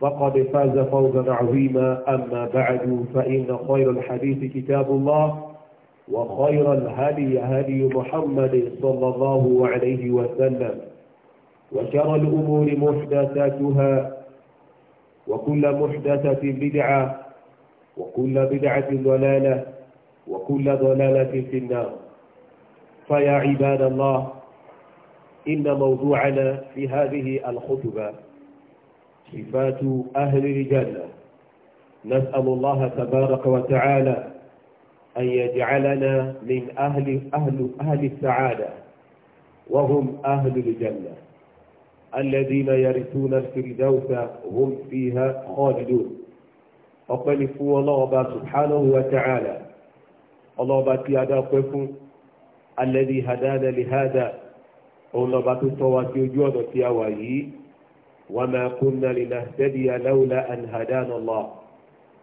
فقد فاز فوزا عظيما أما بعد فإن خير الحديث كتاب الله وخير الهدي هدي محمد صلى الله عليه وسلم وشر الأمور محدثاتها وكل محدثة بدعة وكل بدعة ضلالة وكل ضلالة في النار فيا عباد الله إن موضوعنا في هذه الخطبة صفات أهل الجنة نسأل الله تبارك وتعالى أن يجعلنا من أهل أهل أهل السعادة وهم أهل الجنة الذين يرثون الفردوس هم فيها خالدون ọpẹ́ni fún الله سبحانه وتعالى ta'ala ọlọ́ọba tí a dápẹ́ fún alladhi hadana li hada òun lọ́ba وما كنا لنهتدي لولا أن هدانا الله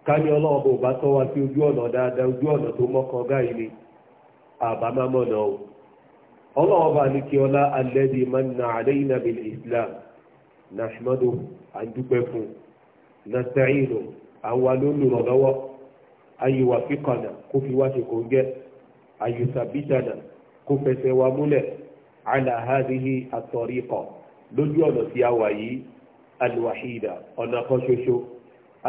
ká ní ọlọ́run bó bá tọ́ wa sí ojú ọ̀nà dáadáa ojú ọ̀nà tó mọ́kàn gáyìí ni àbámámọ́nà o ọlọ́run bá ní kí ọlá alẹ́dí manna alayna bil islam nashmadu àdúpẹ́ fún nasta'inu àwa ló ń lò lọ́wọ́ ayíwà fíkànnà kó fi wá ṣe kò ń gẹ́ ayùsàbítànà kó fẹsẹ̀ wa múlẹ̀ ala hadhihi at-tariqa lójú ọ̀nà tí a wà yìí alwahida ọ̀nà kan ṣoṣo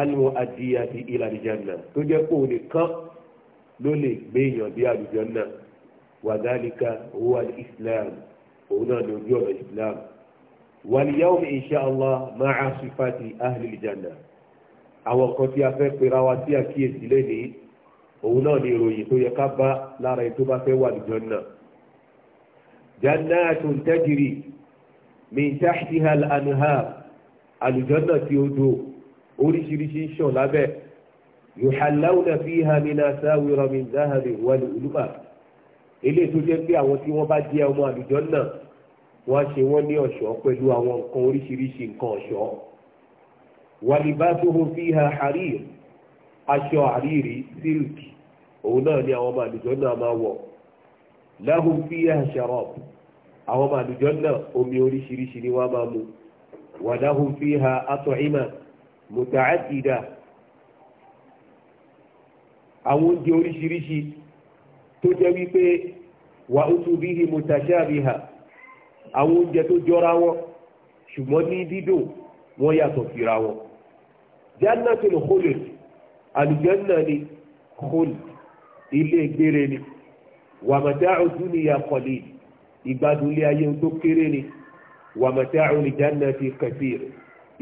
alimu adiyati ila alijanna tó jẹ́ kó o lè kán ló lè gbé èèyàn dé àlùjànnà wàdálíkà huwa islam òun náà ni ojú ọ̀nà islam wàlíyàwó mi insha allah máa sifati ahli alijanna àwọn kan tí a fẹ́ pera wa sí àkíyèsí lẹ́nìí òun náà ni ìròyìn tó yẹ ká bá lára ẹni bá fẹ́ wà àlùjànnà jannatun tajri min tahtiha al-anhar àlùjọ́nà tí ó do oríṣiríṣi ń ṣàn lábẹ́ yuhallawna fiha min asawira min zahabin wal uluma eléyìí tó jẹ́ pé àwọn tí wọ́n bá jẹ́ ọmọ àlùjọ́nà wọ́n á ṣe wọ́n ní ọ̀ṣọ́ pẹ̀lú àwọn nǹkan oríṣiríṣi nǹkan ọ̀ṣọ́ walibasuhum fiha harir aṣọ àríri sílìkì òun náà ni àwọn ọmọ àlùjọ́nà máa wọ̀ lahum fiha sharab àwọn ọmọ àlùjọ́nà omi oríṣiríṣi ni wọ́n máa mu ولهم فيها أطعمة متعددة àwọn oúnjẹ oríṣiríṣi tó jẹ́ wípé wà ó tún bí mutashabiha àwọn oúnjẹ tó jọra wọn ṣùgbọ́n ní dídùn wọ́n yàtọ̀ síra wọn jannatul khuld àlùjànnà ni khuld ilé gbére ni wa mata'u dunya qalil ìgbádùn ilé ayé tó kéré ni wa mata'ul jannati kathir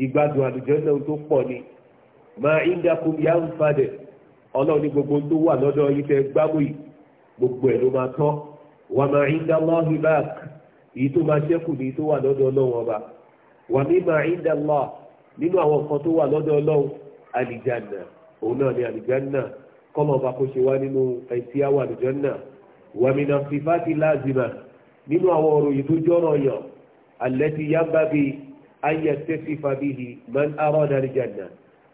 ìgbádùn àlùjànnà tó pọ̀ ni ma indakum yanfad ọlọ́run ní gbogbo tó wà lọ́dọ̀ yìí tẹ́ gbámú yìí gbogbo ẹ̀ ló máa tán wa ma inda Allahi baq èyí tó máa ṣẹ́kù ní tó wà lọ́dọ̀ ọlọ́run ọba wa mimma inda Allah nínú àwọn nǹkan tó wà lọ́dọ̀ ọlọ́run àlìjànnà òun náà ni àlìjànnà kọ́mọ̀ ọba kó ṣe wá nínú ẹtí àwọn àlìjànnà wa mina sifati lazima nínú àwọn ọ̀rọ̀ tó jọ́rọ̀ yàn àlẹ́tí yábà bí ayé tẹ́sí fàbíhì man arọ́dà àlìjànà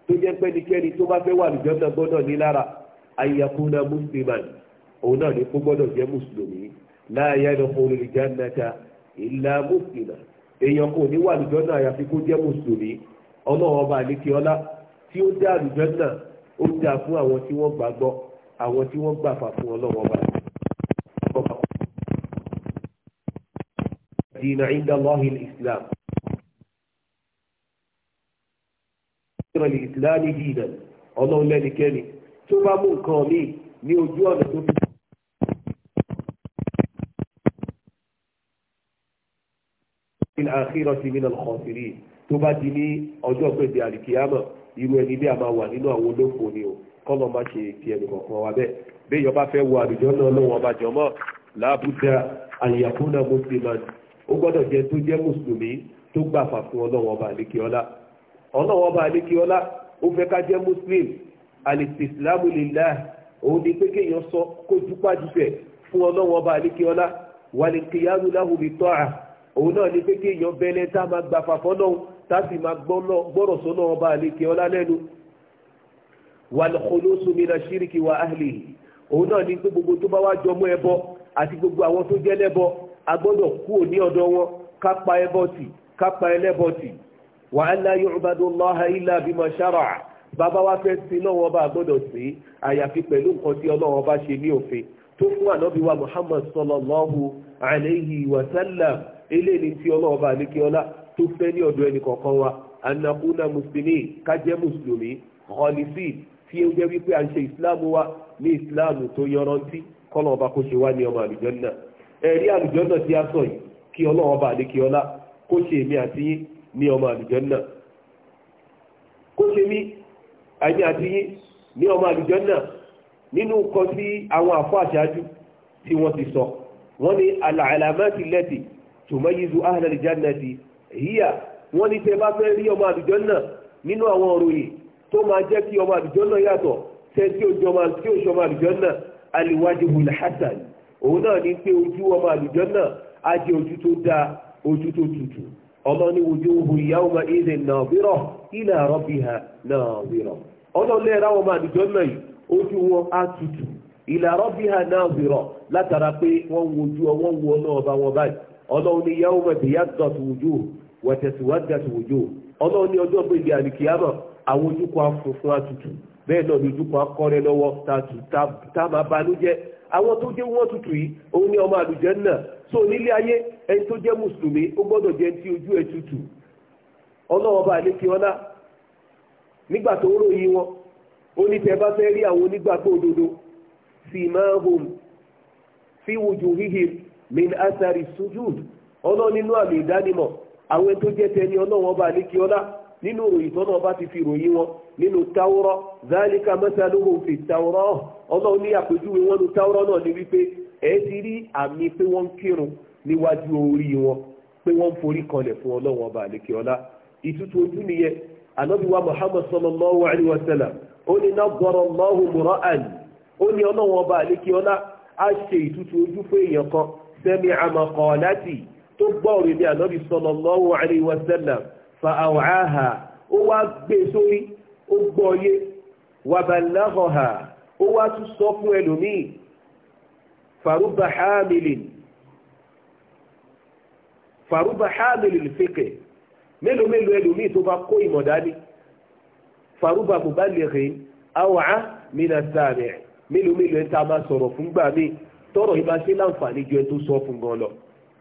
tó jẹ́ pẹ́nikẹ́ni tó bá fẹ́ wà àlùjànnà gbọ́dọ̀ ní lára ayakuna musliman òun náà ní kó gbọ́dọ̀ jẹ́ mùsùlùmí láàyè ẹ̀dọ̀kùnrin àlìjànà ta ìlà musliman èèyàn kò ní wà àlùjànnà àyàfi kó jẹ́ mùsùlùmí ọlọ́wọ́ bá àlékè ọlá tí ó dá àlùjànnà ó dá fún àwọn tí wọ́n gbàgbọ́ àwọn tí wọ́n gbàfà fún ọlọ́wọ́ bá دين عند الله الإسلام الإسلام دينا ọlọ́run lẹ́nikẹ́ni tó bá mú nǹkan mi ní ojú ọ̀nà tó fi àkírọ̀ sí nínú ọ̀kọ̀ọ̀sìrì tó bá di ní ọjọ́ pẹ̀lú àlìkíyàmọ̀ irú ẹni bí a máa wà nínú àwọn olófò ni o kọ́lọ̀ má ṣe ti ẹnì kọ̀ọ̀kan wa bẹ́ẹ̀ bí èèyàn bá fẹ́ wo àlùjọ náà lọ́wọ́ ọba jọmọ́ láàbùdá àyàkúnà mùsùlùmí ó gbọ́dọ̀ jẹ́ tó jẹ́ mùsùlùmí tó gbàfà fún ọlọ́wọ́n ọba àlékiọ́lá ọlọ́wọ́n ọba àlékiọ́lá ó fẹ́ ká jẹ́ muslim alìsìsìlámù lìlá òun ni pé kéèyàn sọ kó dúpá jùfẹ̀ fún ọlọ́wọ́n ọba àlékiọ́lá wàlìkìyàrú láhùbí tọ́ra òun náà ni pé kéèyàn bẹ́lẹ́ tá máa gbàfà fọ́lọ́hún tá sì máa gbọ́rọ̀ sọ́nà ọba àlékiọ́lá lẹ́nu wàlùkọ́lóṣù mi náà ṣíríkì wà áhìlì òun náà ni pé gbogbo tó bá wá jọmọ́ ẹbọ àti gbogbo àwọn tó jẹ́ lẹ́bọ a gbọ́dọ̀ kúrò ní ọ̀dọ̀ wọn ká pa ẹbọ tì ká pa ẹlẹ́bọ tì wa an la yu'badu Allaha illa bima shara'a bàbá wa fẹ́ sí lọ́wọ́ bá a gbọ́dọ̀ sí àyàfi pẹ̀lú nǹkan tí Ọlọ́run bá ṣe ní òfin tó fún ànábì wa Muhammad sallallahu alayhi wa sallam eléyìí tí Ọlọ́run bá àlékè ọlá tó fẹ́ ní ọ̀dọ̀ ẹnì kọ̀ọ̀kan wa anakuna muslimi kájẹ́ mùsùlùmí kọ́lífì tí ó jẹ́ wípé à ń ṣe ìsìláàmù wa ní ìsìláàmù tó yọrantí kọ́lọ̀ ọba kó ṣe wá ní ọmọ àlùjànnà ẹ̀rí àlùjọ́nà tí a sọ yìí kí ọlọ́wọ́ bá lè kí ọlá kó ṣe èmi àti yín ní ọmọ àlùjọ́nà kó ṣe mí àmì àti yín ní ọmọ àlùjọ́nà nínú kan sí àwọn àfọ àṣáájú tí wọ́n ti sọ wọ́n ní alàlámẹ́tì lẹ́tì tòmẹ́yìzù ahàlẹ́lẹ́jánẹ́tì híyà wọ́n ní tẹ́ bá fẹ́ rí ọmọ àlùjọ́nà nínú àwọn òròyìn tó máa jẹ́ kí ọmọ àlùjọ́nà yàtọ̀ tẹ́ tí ó jọmọ àlùjọ́nà aliwájú hulhassan òun náà ní pé ojú ọmọ àlùjọ náà á jẹ́ ojú tó dáa ojú tó tutù ọlọ́ni ila rabbiha ha na ẹ̀rọ ọmọ àlùjọ náà yìí ojú wọn á tutù ila rabbiha nadira látara pé wọ́n wojú ọ wọ́n wọ náà bá wọn báyìí ọlọ́run ni yawma tayaddatu wujuh wa taswaddatu wujuh àwọn tó jẹ́ wọ́n tutù yìí òun ni ọmọ àlùjànnà so nílé ayé ẹni tó jẹ́ mùsùlùmí ó gbọ́dọ̀ jẹ́ ti ojú ẹ̀ tutù ọlọ́wọ́ bá lè fi nígbà tó wọn ó ní tẹ́ bá fẹ́ rí àwọn onígbàgbọ́ òdodo máa hom fi min asari sujud ọlọ́ nínú àmì ìdánimọ̀ àwọn tó jẹ́ tẹni ọlọ́wọ́n bá lè kí ọlá nínú ròyìn tọ́nà bá ti fi ròyìn wọn nínú ọlọ́run ní àpèjúwe wọn ní táwọ́rọ́ náà ni wípé ẹ ti rí àmì pé wọ́n ń kírun níwájú orí wọn pé wọ́n ń forí kanlẹ̀ fún ọlọ́run ọba àlekè ọlá ìtútù ojú nìyẹn anábìwá muhammad sallallahu alayhi wa sallam ó ní nàgbọ́rọ̀ lọ́hùn mùràn ó ní ọlọ́run ọba àlekè ọlá á ṣe ìtútù ojú fún èèyàn kan sẹ́mi àmọ̀kọ̀ láti tó gbọ́ ní anábì sallallahu alayhi wa sallam fa àwòrán ha ó wá gbé e sórí ó gbọ́ yé wàbàláhọ̀ ha ó wá tún sọ fún ẹlòmíì faruba hamilin faruba hamilin fèkè mélòó mélòó ẹlòmíì tó bá kó ìmọ̀ dání faruba mubalighin awàá mina sàmì mélòó mélòó ẹ̀ tá a máa sọ̀rọ̀ fún gbà míì tọrọ yìí bá ṣe láǹfààní ju ẹ tó sọ fún gan lọ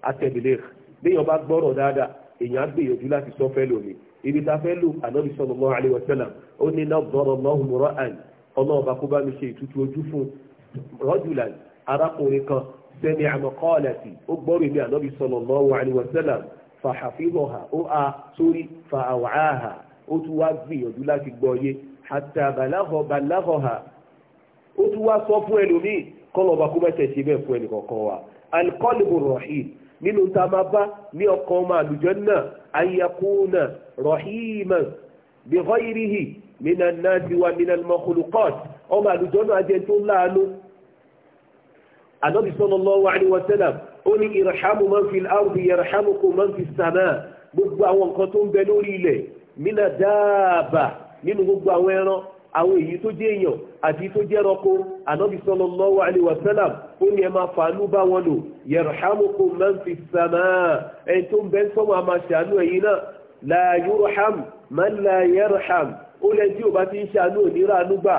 àtẹ̀bílẹ̀ léèyàn bá gbọ́rọ̀ dáadáa èèyàn á gbìyànjú láti sọ fẹ́ lómi ibi tá a fẹ́ lò ànábi sallallahu alaihi wasallam ó ọlọ́run bá kó bá mi ṣe ìtútù ojú fún rọ́jùlán arákùnrin kan sẹ́ni àmọ́kọ́ọ̀lẹ́sì ó gbọ́rò ní ànábì sallallahu alaihi wasallam fàhàfíhọ̀hà ó a sórí fàhàwàáhà ó tún wá gbìyànjú láti gbọ́ yé hatta balahọ̀ha ó tún wá sọ fún ẹlòmíì kọ́lọ̀ bá kó mẹ́tẹ̀ ṣe bẹ́ẹ̀ fún ẹnìkọ̀ọ̀kan wa alqalbu rahim nínú tá máa bá ní ọkàn ọmọ àlùjọ náà ayakuna rahiman bighayrihi minal nasi wa minal makhluqat ọmọ àlùjọ náà jẹ́ tó láàánú ànábì sallallahu alaihi wa sallam ó ní irhamu man fil ardi yarhamukum man fis sama gbogbo àwọn nǹkan tó ń bẹ lórí ilẹ̀ mina dáàbà nínú gbogbo àwọn ẹran àwọn èyí tó jẹ́ èèyàn àti tó jẹ́ ẹranko ànábì sallallahu alaihi wa sallam ó ní ẹ máa fàánú bá wọn lò yarhamukum man fis sama ẹni tó ń bẹ sọ́wọ́n a máa man la yarham ó lẹ́ni tí ò bá ti ń ṣàánú òníra ànúgbà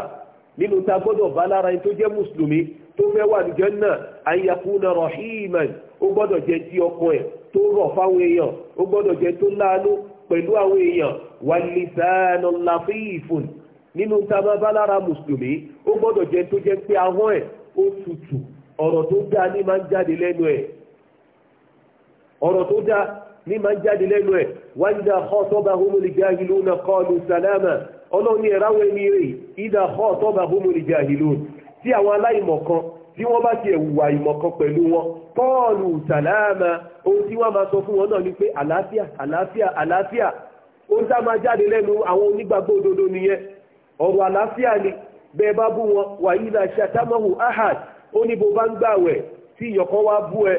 nínú ta gbọ́dọ̀ bá lára ẹni tó jẹ́ mùsùlùmí tó fẹ́ wà ní jẹ́nà àyàkúnà rahiman ó gbọ́dọ̀ jẹ́ ti ọkọ ẹ̀ tó rọ̀ fáwọn èèyàn ó gbọ́dọ̀ jẹ́ tó láàánú pẹ̀lú àwọn èèyàn wàlìsàn làfíìfùn nínú ta bá bá lára mùsùlùmí ó gbọ́dọ̀ jẹ́ tó jẹ́ pé ahọ́n ẹ̀ ó tutù ọ̀rọ̀ tó dáa ní máa ń jáde lẹ́nu ẹ̀ ọ̀rọ̀ tó dáa ní máa ń jáde lẹ́nu ẹ̀ wáyídà họ́ tọ́ba homolìjà ìlú náà kọlu sàlámà ọlọ́run ní ẹ̀ráwọ̀ ẹni rè ìdá họ́ tọ́ba homolìjà ìlú tí àwọn aláìmọ̀kan tí wọ́n bá ti ẹ̀wùwà ìmọ̀kan pẹ̀lú wọn kọlu sàlámà ohun tí wọ́n máa sọ fún wọn náà ni pé àlàáfíà àlàáfíà àlàáfíà ohun tá máa jáde lẹ́nu àwọn onígbàgbọ́ òdodo nìyẹn ọ̀rọ̀ àlàáfíà ni bẹ́ẹ̀ bá bú wọn wàyídà ṣàtàmọ́hù ahad ó ní bó bá ń gbàwẹ̀ tí ìyọ̀kan wá bú ẹ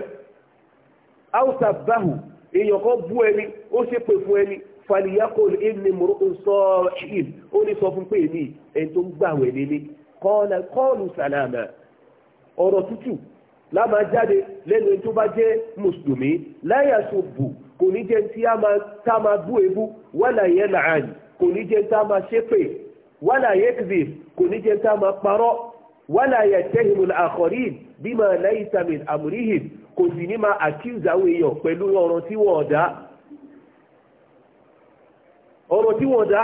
èèyàn kan bú ẹni ó ṣépè fún ẹni faliyakol ẹni mọ̀rọ̀ sọ ṣìl ó ní sọ fún pé èmi ẹni tó ń gbàwẹ̀ lélẹ̀ kọ́ọ̀lù sàlámà ọ̀rọ̀ tútù láma jáde lẹ́nu ẹni tó bá jẹ́ mùsùlùmí láyà so bù kò ní jẹ́ tí a máa bú ebú wàlà yẹn làánì kò ní jẹ́ tá a máa ṣépè wàlà yẹ́kìzì kò ní jẹ́ tá a máa parọ́ wàlà yẹ tẹ́hìmù àkọ́rí bímọ lẹ́yìn sàmìn àmúríhìn kò sì ní máa accuse àwọn èèyàn pẹ̀lú ọ̀rọ̀ tí wọ́n dá ọ̀rọ̀ tí wọ́n dá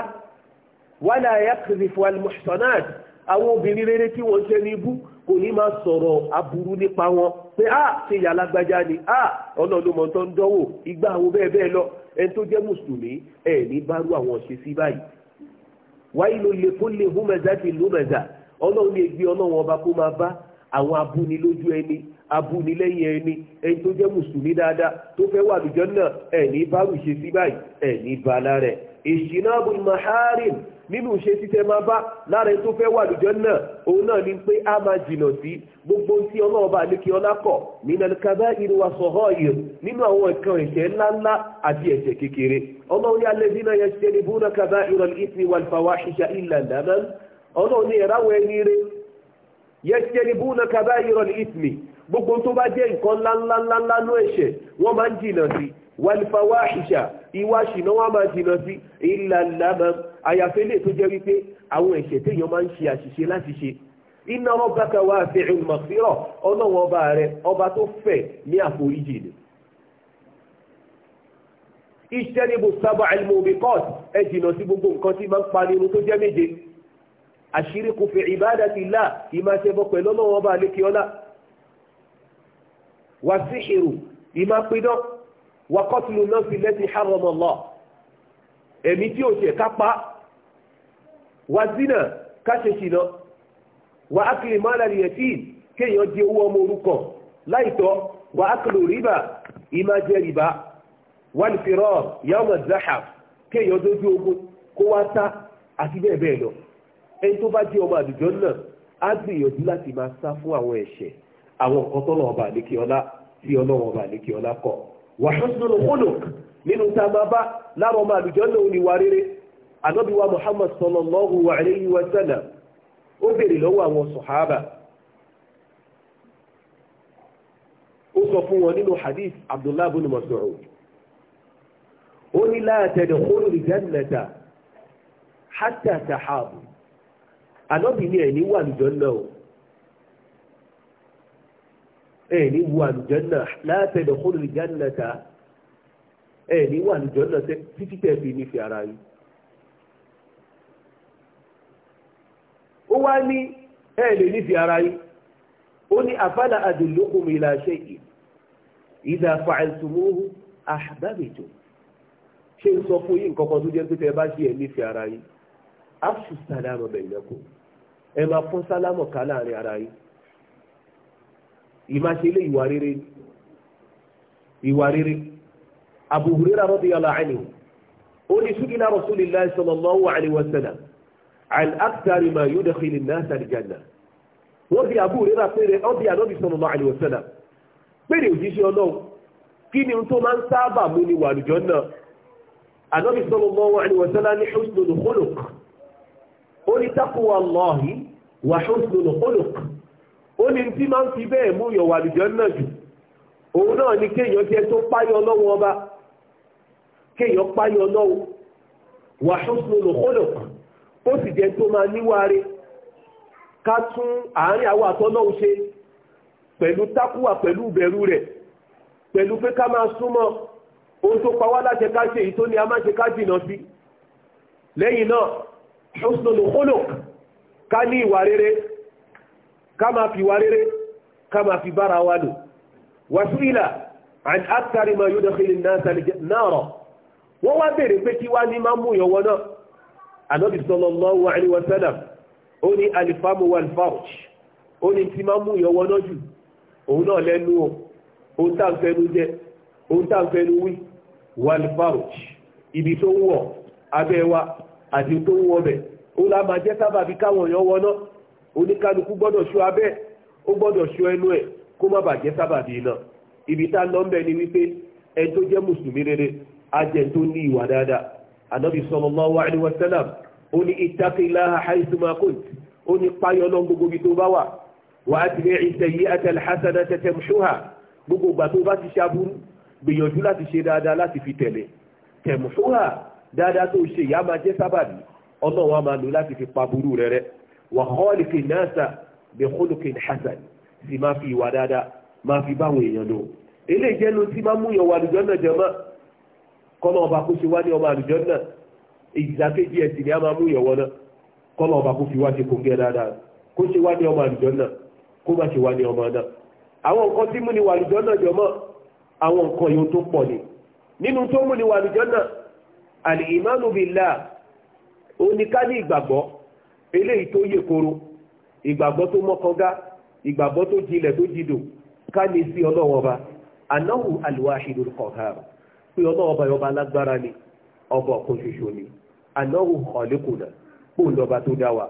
wàlá yakzifu al-muhsanat àwọn obìnrin rere tí wọ́n ṣe ní ibú kò ní máa sọ̀rọ̀ aburú nípa wọn pé a ah, ṣe ìyá ni a ah, ọlọ́lọ́mọ tó ń dánwò igbá àwọn bẹ́ẹ̀ bẹ́ẹ̀ lọ ẹni tó jẹ́ mùsùlùmí ẹ̀ ní bárú àwọn ṣe sí báyìí wáyé ló lè kó lè húmẹ́zá ti lómẹ́zá ọlọ́run lè gbé ọlọ́run ọba kó máa bá àwọn abúnilójú ẹni abúnilẹ́yìn ẹni ẹni tó jẹ́ mùsùlùmí dáadáa tó fẹ́ wà lùjọ́ náà ẹ̀ní bá rù ṣe sí báyìí ẹ̀ní bá lára ẹ̀ ìṣìnàbù maharim nínú ṣe títẹ máa bá lára ẹni tó fẹ́ wà lùjọ́ náà òun náà ni pé a máa jìnà sí gbogbo tí ọlọ́ọ̀bá lékè ọlá kọ̀ nínú alikaba ìrìnwá sọ̀họ́ yìí nínú àwọn nǹkan ẹ̀ṣẹ̀ ńláńlá àti ẹ̀ṣẹ̀ kékeré ọlọ́run alẹ́ yẹtẹnibúna kaba ìrọ̀lì ìtìmì gbogbo tó bá jẹ́ nǹkan ńláńláńlá ló ẹ̀ṣẹ̀ wọ́n máa ń jìnà sí wàlìfàwà ìṣà ìwà ṣìnà wọn máa jìnà sí ìlàlámà àyàfẹ́ lè tó jẹ́ wípé àwọn ẹ̀ṣẹ̀ téèyàn máa ń ṣe àṣìṣe láti ṣe iná rabbaka wasi'ul maghfira ọlọ́wọ́n ọba rẹ ọba tó fẹ̀ ní àforíjì ni ìṣẹ́nibù sábà al-mubiqat ẹ jìnà sí gbogbo nǹkan tí máa ń pa àṣírí kò fi ìbádàtì là ìmá ṣẹbọ pẹ̀lú ọlọ́wọ́n bá lékè ọlá wà sí ìrù ìmá pidán wà kọ́tùlù náà fi lẹ́sí haramallah ẹ̀mí tí ò ṣe kápá wà zina káṣe ṣìnà wà ákìlì má lálẹ́ yẹn tíì kéèyàn jẹ owó ọmọ òrukàn láìtọ́ wà ákìlì rìbá ìmá jẹ rìbá wà lùfẹ́rọ̀ yawma zahab kéèyàn dójú ogun kó wá sá àti bẹ́ẹ̀ bẹ́ẹ̀ lọ. ẹni tó bá jẹ́ ọmọ àdùjọ náà á gbìyànjú láti máa sá fún àwọn ẹ̀ṣẹ̀ àwọn nǹkan ọba àlékiọlá tí ọlọ́run ọba àlékiọlá kọ̀ wa husnul nínú tá a máa bá ọmọ àdùjọ náà ò ní wà rere muhammad sọlọ Muhammad sallallahu alayhi wa ó béèrè lọ́wọ́ àwọn ó sọ fún wọn nínú hadith bin ó ní la ànábì ní ẹ̀ ní wà àlùjànnà o ẹ̀ ní wà àlùjànnà la tadkhulul jannata ẹ̀ ní wà àlùjànnà títí tẹ̀ fi nífẹ̀ẹ́ ara yìí. ó wá ní ẹ̀ lè nífẹ̀ẹ́ ara yìí ó ní afala adullukum ila shay'in idha fa'altumuhu ahbabtum ṣe ń sọ fún yín nǹkan tó jẹ́ pé tẹ́ bá ṣe ẹ̀ nífẹ̀ẹ́ ara yín afṣu salama bainakum ẹ máa fún sálámọ̀ ká láàrin ara yín ìmáṣe lé ìwà rere ìwà rere Abu Hurairah radiyallahu anhu ó ní su'ila Rasulullahi sallallahu alayhi wa sallam an akthari ma yudkhilu an-nasa al-janna wọ́n bí Abu Hurairah péré ọ́ bí Ànábì sallallahu alayhi wa sallam péré òjíṣẹ́ ọlọ́run kí ni tó máa ń sábà mú ni wà lùjọ́ náà Ànábì sallallahu alayhi wa sallam ní ní wàhùsùn olùk ó ní tí máa ń fi bẹ́ẹ̀ mú yọ̀ wà lùjọ́ náà jù òun náà ni kéèyàn jẹ́ tó páyọ̀ lọ́wọ́ ọba kéèyàn páyọ̀ lọ́wọ́ wàhùsùn olùk ó sì jẹ́ tó máa níwáre ká tún àárín àwọn àtọ́lọ́wọ́ ṣe pẹ̀lú tákùwà pẹ̀lú ìbẹ̀rù rẹ̀ pẹ̀lú pé ká máa súnmọ́ ohun tó pa wá ká ṣe èyí tó ní a máa ṣe ká jìnà sí lẹ́yìn náà husnul khuluq ká ní ìwà rere ká máa fi ìwà rere ká máa fi bára wa lò wàsúìlà àn ákàrí máa yóò dọ́kìlì náà rọ̀ wọ́n wá bèèrè pé kí wá ní máa mú ìyọ̀wọ́ náà ànábì sallallahu alaihi wa sallam ó ní alifamu walfauch ó ní tí máa mú ìyọ̀wọ́ náà jù òun náà lẹ́nu o òun tá ń fẹnu jẹ òun tá ń fẹnu wí walfauch ibi tó ń wọ̀ abẹ́ wa àti tó ń wọ̀ bẹ́ẹ̀ ó lá máa jẹ́ sábàbí káwọn èèyàn wọná oníkálukú gbọ́dọ̀ ṣọ́ abẹ́ ó gbọ́dọ̀ ṣọ́ ẹnu ẹ̀ kó má bàa jẹ́ sábàbí iná ibi tá a lọ ń bẹ ni wípé ẹni tó jẹ́ mùsùlùmí rere ajẹ́ tó ní ìwà dáadáa ànábì sallallahu alaihi wasallam ó ní ittaqillaha haythu ma kunt ó ní páyọ́ lọ gbogbo ibi tó bá wà wà á ti lè ṣe yí àtẹlẹ hasana tẹtẹ mṣúhà gbogbo ìgbà tó bá ti ṣe aburú gbìyànjú láti ṣe dáadáa láti fi tẹ̀lé tẹ̀mṣúhà dáadáa tó ṣe ìyá máa jẹ́ sábàbí ọlọ́run wa máa lò láti fi pa burú rẹ̀ rẹ̀ wà khaliqin nasa bi khuluqin hasan sì máa fi ìwà dáadáa máa fi báwọn èèyàn lò eléyìí jẹ́ ló ti máa mú yàn wà àlùjànnà jẹ mọ́ kọ́nà ọba kó ṣe wá ní ọmọ àlùjànnà ìdàkejì ẹ̀sìn ni a máa mú yàn wọ́n náà kọ́nà ọba kó fi wá ṣe kòǹgẹ́ dáadáa kó ṣe wá ní ọmọ àlùjànnà kó má ṣe wá ní ọmọ náà àwọn nǹkan tí mú wà àlùjànnà jọ mọ́ àwọn nǹkan yòó tó pọ̀ ni nínú tó mú ni wà àlùjànnà al-imanu billah ó ní ká ní ìgbàgbọ́ eléyìí tó yè koro ìgbàgbọ́ tó mọ́kànga ìgbàgbọ́ tó jinlẹ̀ tó ka ká ní sí ọlọ́wọ́n ọba anáhù alwahidul qahhar pé ọlọ́wọ́n ọba yọba alágbára ni ọba ọ̀kan ṣoṣo ni anáhù khaliquna kó lọ́ba tó dá wa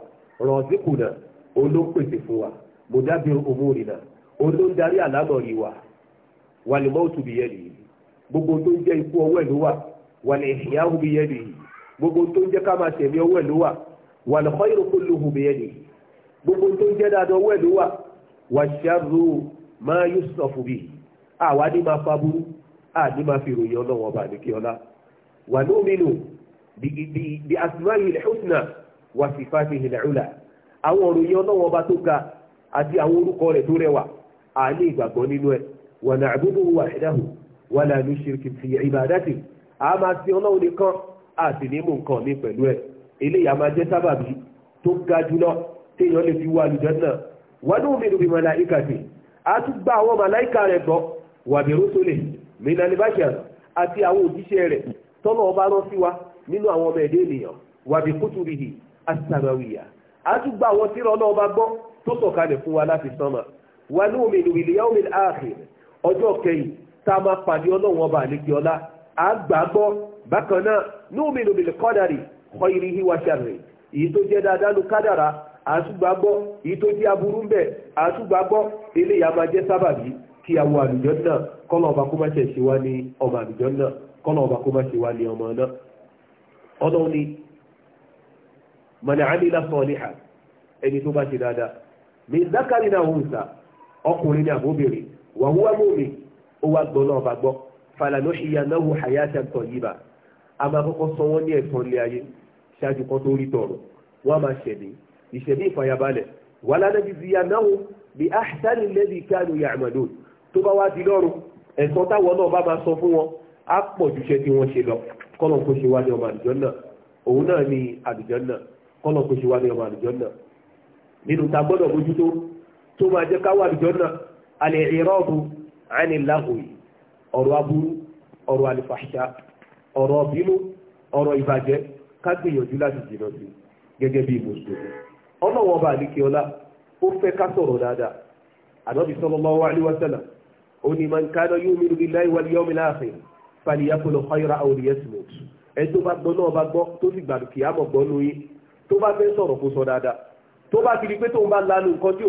razikuna olóńpèsè fún wa mudabbiru umurina olóńdarí àlámọ̀rí wa wal mautu biyadihi gbogbo tó ń jẹ́ ikú ọwọ́ ẹ̀ ló wà gbogbo tó ń jẹ́ ká máa tẹ̀lé ọwọ́ ẹ̀ ló wà wal khayru kulluhu biyadihi gbogbo tó ń jẹ́ dáadáa ọwọ́ ẹ̀ ló wà washarru ma yusrafu bihi àwa ní máa fa burú àní máa fi ròyìn ọlọ́wọ́n ọba àdékè ọlá wa nu'minu bi asma'il husna wa sifatihil ula àwọn ròyìn ọlọ́wọ́n ọba tó ga àti àwọn orúkọ rẹ̀ tó rẹwà àní ìgbàgbọ́ nínú ẹ̀ wa na'buduhu wahdahu wa la nushriku fi ibadatihi àti nímú nǹkan mi pẹ̀lú ẹ̀ eléyà máa jẹ́ sábàbí tó ga jùlọ téèyàn lè fi wá àlùjánnà wọn ní òmìnir bí màláìka sí a tún gba àwọn màláìka rẹ̀ gbọ́ wà bí rúsólè mìlánibáṣà àti àwọn òjíṣẹ́ rẹ̀ tọ́lọ̀ ọba rán sí wa nínú àwọn ọmọ ẹ̀dẹ́ ènìyàn wà bí kútùbìhì àtàmàwìyà a tún gba àwọn tírà náà ọba gbọ́ tó sọ̀kalẹ̀ fún wa láti sánmà wà ní òmìnir bí yawmil akhir bákan náà nu'minu bil qadari khairihi wa sharrihi èyí tó jẹ́ dáadáa ló kádàrá àtúgbàgbọ́ èyí tó jẹ́ aburú ń a àlùjọ náà kọ́nà ọba kó má ṣe ṣe wá ní ọmọ ọba kó má ṣe wá ní ọmọ náà ni man amila salihan ẹni tó bá ṣe dáadáa min dhakarin aw untha ọkùnrin ní àbóbìnrin ó a máa kọ́kọ́ sọ wọ́n ní ẹ̀tàn ilé ayé ṣáájú kan tó rí tọ̀rọ̀ wọ́n á máa ṣẹ̀dí ìṣẹ̀dí ìfàyàbalẹ̀ wà lánàbí fi ya náà bí ahsan alladhi kanu ya'malun tó bá wá di lọ́rùn ẹ̀tàn táwọn náà bá máa sọ fún wọn á pọ̀ ju iṣẹ́ tí wọ́n ṣe lọ kọ́lọ̀ kó ṣe wá ní ọmọ àlùjànnà òun náà ni àlùjànnà kọ́lọ̀ kó ṣe wá ní ọmọ àlùjànnà nínú ọ̀rọ̀ bínú ọ̀rọ̀ ìbàjẹ́ ká gbìyànjú láti jìnà sí gẹ́gẹ́ bí mùsùlùmí ọlọ́wọ́ ọba àníkè ọlá ó fẹ́ ká sọ̀rọ̀ dáadáa ànábì sallallahu alaihi wasallam ó ní man kana yu'minu billahi wal yawmil akhir falyaqul khayran aw liyasmut ẹ tó bá gbọ́ náà bá gbọ́ tó sì gbàdù kì á mọ̀ gbọ́ lóyún tó bá fẹ́ sọ̀rọ̀ kó sọ dáadáa tó bá kiri pé tóun bá lanu nǹkan tí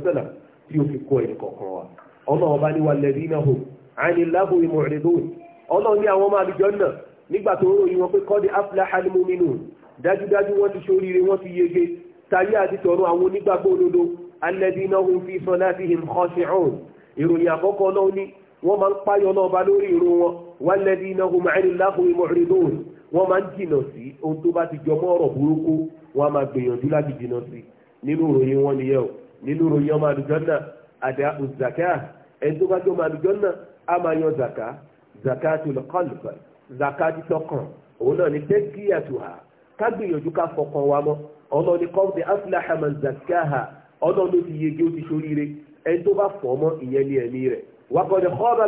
ò tí ó fi kó ẹni kọ̀ọ̀kan wa ọlọ́run bá ní wà lẹ́bí náà hù àní lábò ìmọ̀ rẹ̀ lóhùn ọlọ́run ní àwọn ọmọ àlùjọ náà nígbà tó ròyìn wọn pé kọ́dé aflaha al-mu'minun dájúdájú wọ́n ti ṣoríire wọ́n ti yege tayé àti tọ̀run àwọn onígbàgbọ́ òdodo alẹ́bí náà hù fi salatihim khashi'un ìròyìn àkọ́kọ́ náà ní wọ́n máa ń páyọ̀ náà bá lórí ìrun wọn wálẹ́bí náà hù màálí láhù ìmọ̀ rẹ̀ lóhùn wọ́n máa ń jìnà sí ohun tó bá ti jọmọ́ ọ̀rọ̀ burúkú wọ́n máa gbìyànjú láti jìnà sí nínú ìròyìn wọn nìyẹn o nínú ròyìn ọmọ àlùjọ́nà àdá òzàká ẹni tó bá jẹ́ ọmọ àlùjọ́nà á máa yan zàká zàká tó lọ kọ́lùfà zàká títọ́ kan òun náà ni tẹ́kíyà tó hà ká gbìyànjú ká fọkàn wa mọ́ ọlọ́run ni kọ́ọ̀dé aflaha man zakaha ọlọ́run ló ti yege ó ti ṣoríire ẹni tó bá fọ̀ mọ́ ìyẹn ní ẹ̀mí rẹ̀ wakọ̀dẹ̀ kọ́ọ̀bà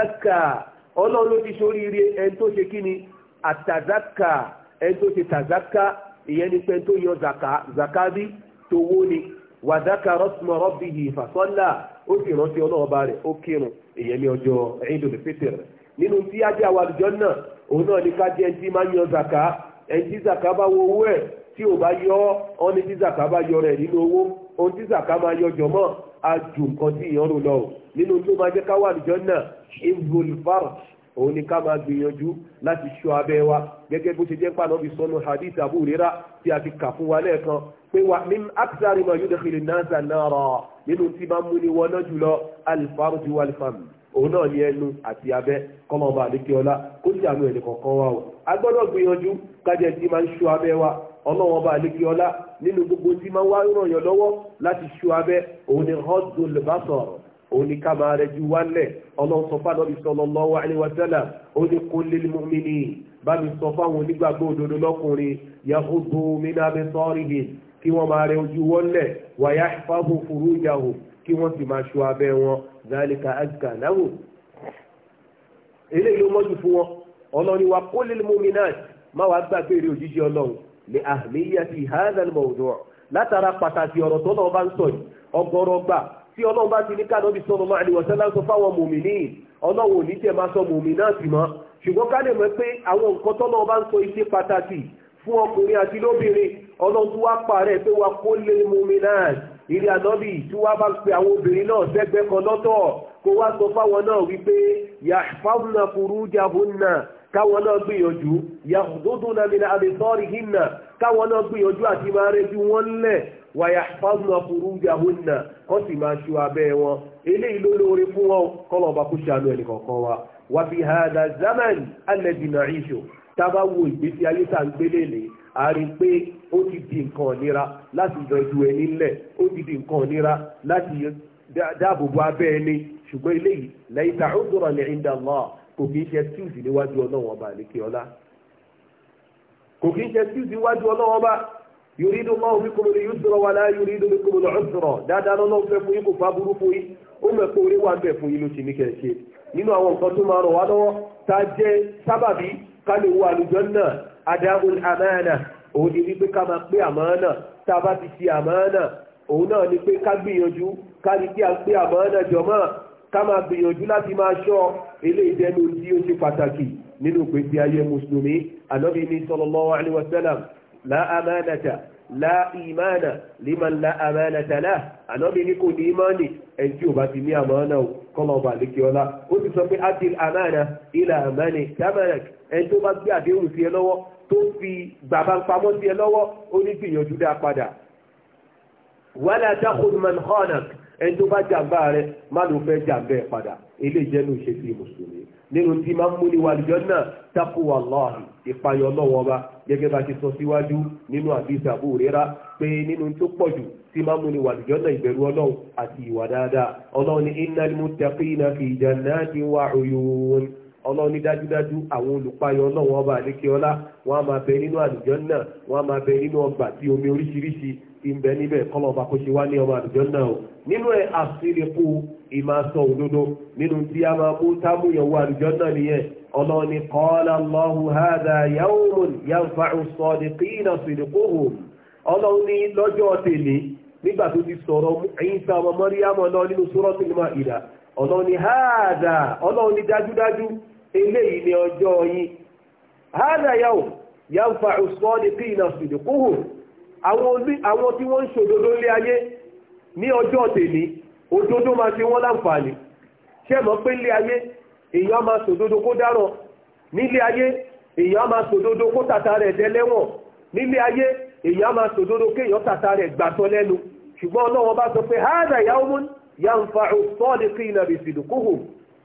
máa yan ọlọ́run ló ti sórí ire ẹni tó ṣe kí ni àtàzákà ẹni tó ṣe tàzákà ìyẹn ni pé tó yọ zaka zaka bí towó ni wàdákà rọ́tùmọ̀ rọ́bìhì fàsọ́là ó sì rántí ọlọ́ọ̀ba rẹ̀ ó kírun ìyẹn ní ọjọ́ Eidul Fitr nínú tí ajé àwọn àlùjọ náà òun náà ní ká jẹ́ ẹni tí máa ń yọ zaka ẹni tí zaka bá wo owó ẹ̀ tí ò bá yọ ọ́ ní tí zaka bá yọ rẹ̀ nínú owó ohun tí zaka máa yọ jọ̀mọ́ àjù nǹkan tí ìyàn rò lọ nínú tó máa jẹ́ ká wà ní Jánnà ìvòlùfàrà òun ni ká máa gbìyànjú láti ṣọ́ abẹ́ wa gẹ́gẹ́ bó ṣe jẹ́ pàdé ọbí sọnù hadith Abu Hurairah tí a ti kà fún wa lẹ́ẹ̀kan pé wa min akthari ma yudkhilu an-nasa nara nínú tí máa mú ni wọná jùlọ al-farju wal-fam òun náà ní ẹnu àti abẹ́ kọ́mọ ọba àdékè ọlá kó sì àánú ẹnì kọ̀ọ̀kan wa o a gbọ́dọ̀ gbìyànjú kájẹ tí máa ń ṣọ́ abẹ́ wa ọlọ́wọ́n ọba àdékè ọlá nínú gbogbo tí máa ń wá ràn lọ́wọ́ láti ṣú abẹ́ òun ni hudul basar òun ni ká máa rẹjú wálẹ̀ ọlọ́run sọ fáwọn ọbí sallallahu alaihi wasallam ó ní qul lil mu'minin bá mi sọ fáwọn onígbàgbọ́ òdodo lọ́kùnrin yahuddu min absarihim kí wọ́n máa rẹ ojú wọ́lẹ̀ wa yahfazu furujahum kí wọ́n sì máa ṣú abẹ́ wọn zalika azka lahum eléyìí ló mọ́jú fún wọn ọlọ́ni wa qul lil mu'minat má wàá gbàgbé rí òjíṣẹ́ ọlọ́run li ahmiyati hadha látara pàtàkì ọ̀rọ̀ tó náà bá ń sọ yìí ọgọ́rọ̀ gbà tí ọlọ́run bá ti ní káàdọ́ bí sọ́nà máa àdìwọ̀sẹ́ láńsọ fáwọn mùmìnì ọlọ́run ò ní tẹ̀ máa sọ mùmìnì náà sì mọ́ ṣùgbọ́n ká lè mọ̀ pé àwọn nǹkan tó náà bá ń sọ iṣẹ́ pàtàkì fún ọkùnrin àti lóbìnrin ọlọ́run tó wá parẹ́ pé wá kó lé mùmìnì náà ìrìn ànábì tí wá bá pe àwọn obìnrin náà sẹ́gbẹ́ kan lọ́tọ̀ kó wá sọ fáwọn náà wípé yahfazna furujahunna káwọn náà gbìyànjú yahdudna min absarihinna káwọn náà gbìyànjú àti máa rẹ́jú wọn lẹ̀ wàyà fáwọn akuru yahunna kọ́ sì máa ṣu abẹ́ wọn eléyìí ló lóore fún wọn kọ́lọ̀ ọba kó ṣàánú ẹnì kọ̀ọ̀kan wa wà fi hàdà zaman alẹ́dì nàìṣó tá a bá wo ìgbésí ayé tá à ń gbélé lè a rí i pé ó ti di nǹkan nira láti yanjú ẹni lẹ̀ ó ti di nǹkan nira láti dáàbò bo abẹ́ ẹni ṣùgbọ́n eléyìí lẹ́yìn tá a ó dọ̀rọ̀ ní ìdá Allah kò kì í ṣe tíùsì níwájú ọlọ́wọ́n ọba àlékè ọlá kò kí n ṣe sí iwájú ọlọ́wọ́n bá yuridu Allahu bikum al-yusra wa la yuridu bikum al-usra dáadáa lọ́lọ́wọ́ fẹ́ fún yín kò fa burú fún yín ó mọ̀ pé orí wà ń bẹ̀ fún yín ló ṣe ní kẹ́ ṣe nínú àwọn nǹkan tó máa ràn wá lọ́wọ́ tá a jẹ́ sábàbí ká lè wo àlùjánnà adáhùn àmánà òun ni wípé ká máa pé àmánà tá a bá ti ṣe àmánà òun náà ni pé ká gbìyànjú ká ní kí a pé àmánà jọmọ́ ká máa gbìyànjú láti máa ṣọ́ eléyìí dẹnu tí ó ṣe pàtàkì nínú ìgbésí ayé mùsùlùmí ànábì ní sallallahu alaihi wasallam la amánata la ìmánà liman la amánata la ànábì ní kò ní ìmánì ẹni tí ò bá ti ní àmánà o kọ́mọ ọba àlékè ọlá ó ti sọ pé adil amánà ila amánì tamanak ẹni tó bá gbé àdéhùn sí ẹ lọ́wọ́ tó fi bàbá pamọ́ sí ẹ lọ́wọ́ ó ní gbìyànjú dá padà wala takhud man khanak ẹni tó bá jàmbá rẹ má ló fẹ́ jàmbá padà ilé ìjẹ́nu ìṣesí mùsùlùmí nínú tí máa ń múni wà lùjọ́ náà tápù wà lọ́ọ̀rùn ìpayọ̀ lọ́wọ́ ọba gẹ́gẹ́ bá ti sọ síwájú nínú àdìsí Abu Huraira pé nínú tó pọ̀ jù tí máa ń múni wà lùjọ́ náà ìbẹ̀rù ọlọ́run àti ìwà dáadáa ọlọ́run ní innal muttaqina fi jannatin wa uyun ọlọ́run ní dájúdájú àwọn olùpayọ ọlọ́run ọba àdékíọlá wọ́n á máa bẹ nínú àlùjànnà wọ́n á máa bẹ nínú ọgbà tí omi oríṣiríṣi ti ń bẹ níbẹ̀ kọ́lọ̀ ọba kó ṣe wá ní ọmọ àlùjànnà o nínú ẹ̀ àṣírikú ìmọ̀ sọ òdodo nínú tí a máa mú támúyẹ̀wò àlùjànnà nìyẹn ọlọ́run ní qala Allahu hadha yawmun yanfa'u as-sadiqina sidquhum ọlọ́run ní lọ́jọ́ tèlé dájúdájú eléyìí ni ọjọ́ yín hádà yàwó yàǹfà òsùnmọ́ni kí iná sìdìkúhù àwọn tí wọ́n ń ṣòdodo lé ayé ní ọjọ́ tèmi òdodo máa ṣe wọ́n láǹfààní ṣé mọ̀ pé lé ayé èèyàn máa ṣòdodo kó dáràn nílé ayé èèyàn máa ṣòdodo kó tàta rẹ̀ dẹ́lẹ́wọ̀n nílé ayé èèyàn máa ṣòdodo kéèyàn tàta rẹ̀ gbàtọ́ lẹ́nu ṣùgbọ́n ọlọ́wọ́n bá sọ pé hádà yàwó yàǹfà òsùnmọ́ni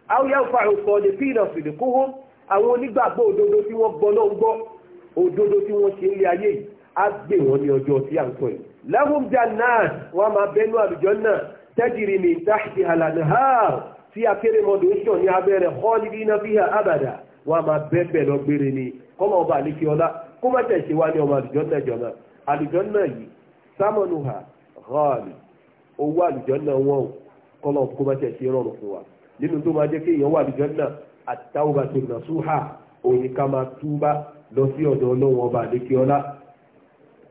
àwọn yẹn fa nǹkan ní fíìnà fìdíkú hó àwọn onígbàgbọ́ òdodo tí wọ́n gbọ́ náà ń gbọ́ òdodo tí wọ́n ṣe ń lé ayé yìí á gbé wọn ní ọjọ́ tí à ń sọ yìí. lahum jannat wọn máa bẹnu àlùjánnà tajri min tahtiha al-anhar tí akérèmọdò ń sàn ní abẹ́rẹ́ khalidina fiha abada wọn máa bẹ́ẹ̀ lọ gbére ni kọ́mọ ọba àlekí ọlá kó nínú tó máa jẹ́ kí èèyàn wà ní jẹ́nà àtàwùbá tó nà súhà òní ká máa túbá lọ sí ọ̀dọ̀ ọlọ́wọ́n ọba àdékíọ́lá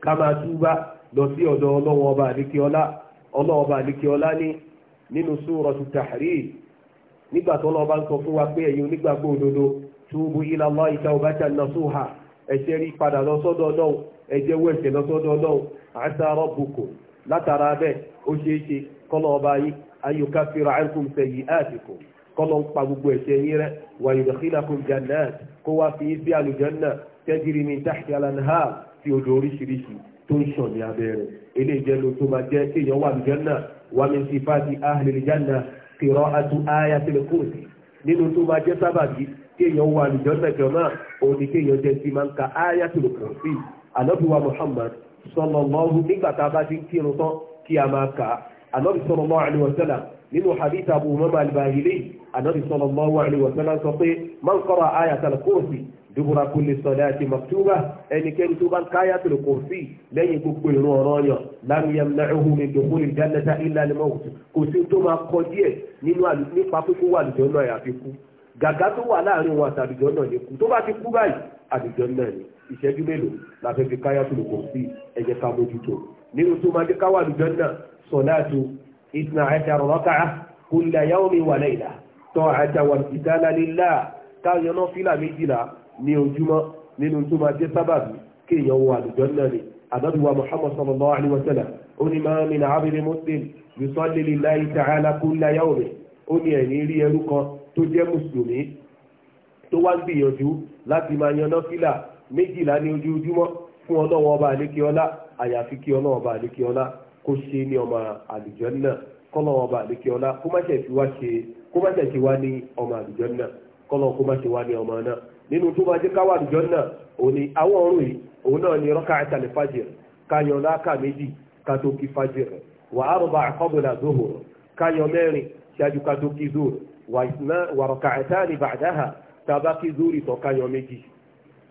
ká máa túbá lọ sí ọ̀dọ̀ ọlọ́wọ́n ọba àdékíọ́lá ọlọ́wọ́n ọba àdékíọ́lá ní nínú súratu Tahrim nígbà tó lọ́ọ́ bá ń sọ fún ila Allahi tawbatan nasuha ẹ̀ṣẹ̀ eje ayùká fira ẹnkùn sẹyìn àtìkù kọlọ ń pa gbogbo ẹ̀ṣẹ̀ yín rẹ wàyùdàkìlàkùn jannat kó wá fi yín sí àlùjánná tẹjìrì ní tahtiha al-anhar tí odò oríṣiríṣi tó ń ṣàn ní abẹ́rẹ́ eléyìí jẹ́ ló tó máa jẹ́ kéèyàn wà àlùjánná wà min sifati ahli al-janna qira'atu ayatil kursi nínú tó máa jẹ́ sábàbí kéèyàn wà àlùjánná jọ̀mọ́ òní kéèyàn jẹ́ sí máa ń ka ayatil kursi ànábìwá Muhammad sallallahu nígbà tá a ti ń kírun kí a máa kà á ànábì sallallahu alaihi wasallam nínú hadith abu umama al-bahili ànábì sallallahu alaihi wasallam sọ pé man qara ayatul kursi dubura kulli salati maktuba ẹnikẹ́ni tó bá ń káyà tó lè kò sí lẹ́yìn gbogbo ìrun ọ̀rọ̀ yàn lam yamna'uhu min dukhuli al-jannata illa al kò sí tó máa kọ díẹ̀ nípa pípé wà lùjọ́ náà àfikún gàgá tó wà láàrin wọn àtàlùjọ náà ni kú tó bá ti kú báyìí àlùjọ náà ni ìṣẹ́jú mélòó la fẹ́ fi káyà tó lò kàn sí ẹ̀jẹ̀ ká mójútó nínú tó máa jẹ́ káwà àlùjọ náà sọ̀láàtù ìtìnà àṣà rọ̀lọ́kà kulla yawmi wa layla tọ́ àṣà wà ìdáná lílá káyọ̀ náà fílà méjìlá ní ojúmọ́ nínú tó máa jẹ́ sábàbí kéèyàn wọ àlùjọ náà ni àdọ́dúwà wa sallam ó tó jẹ́ mùsùlùmí tó wá ń gbìyànjú láti máa yan náfìlà méjìlá ní ojoojúmọ́ fún ọlọ́wọ́ ọba àlékiọlá àyàfi kí ọlọ́wọ́ ọba àlékiọlá kó ṣe ní ọmọ àlùjànnà kọ́lọ́wọ́ ọba àlékiọlá kó má ṣe wá ṣe kó má ṣe wá ní ọmọ àlùjànnà kọ́lọ́wọ́ kó má ṣe wá ní ọmọ náà nínú tó bá jẹ́ káwá àlùjànnà òní àwọn ọ̀run yìí òun náà ni rọ́kà àtàlẹ̀ fàjìr káyọ̀ láàkà méjì ká tó kí fàjìr wà á rọ̀bà àkọ́bùnà zuhur káyọ̀ mẹ́rin ṣáájú ká tó kí zuhur wàrọ̀kàtàní bàdáhà tàbá kí zúrì tán káyọ méjì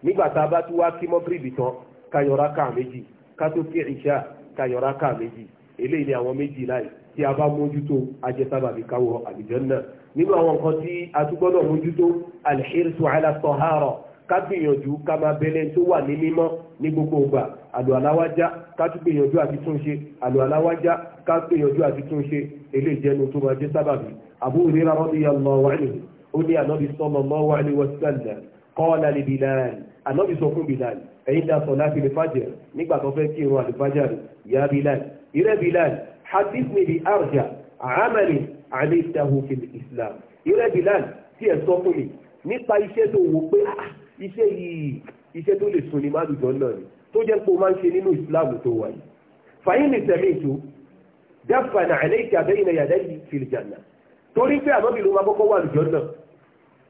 nígbà tàbá tí wá kí mọ́gírìbì tán káyọ rákà méjì ká tó kí ìṣá káyọ rákà méjì eléyìí ni àwọn méjì láì tí a bá mójútó ajẹ́sábàbí káwọ àlùjánnà nínú àwọn nǹkan tí a tún gbọ́dọ̀ mójútó alhirsu ala tahara ká gbìyànjú ká máa bẹ̀lẹ̀ tó wà ní mímọ́ ní gbogbo ìgbà àlò aláwájá ká tún gbìyànjú àti túnṣe àlò aláwájá ká gbìyànjú àti túnṣe eléyìí tó máa jẹ́ sábàbí Abu Hurairah radiyallahu anhu ó ní ànábi sallallahu alaihi wa sallam qala li Bilal ànábi sọ fún Bilal ẹ̀yìn dá sọ láti lè fàjẹ̀ nígbà tó fẹ́ kírun àlùfájà rẹ̀ ya Bilal ìrẹ́ Bilal hadithni bi arja amali alaytahu fil Islam ìrẹ́ Bilal tí ẹ̀ sọ fún mi nípa iṣẹ́ tó wò pé ah, iṣẹ́ yìí iṣẹ́ tó lè sùn ní mádùjọ náà ni tó jẹ́ pé o máa ń ṣe nínú Islam tó wà yìí fàyín ètò dáfà náà àlẹ́ ìkàbẹ́yìn náà yàdá yìí fil torí pé ànábì ló máa kọ́kọ́ wà àlùjọ náà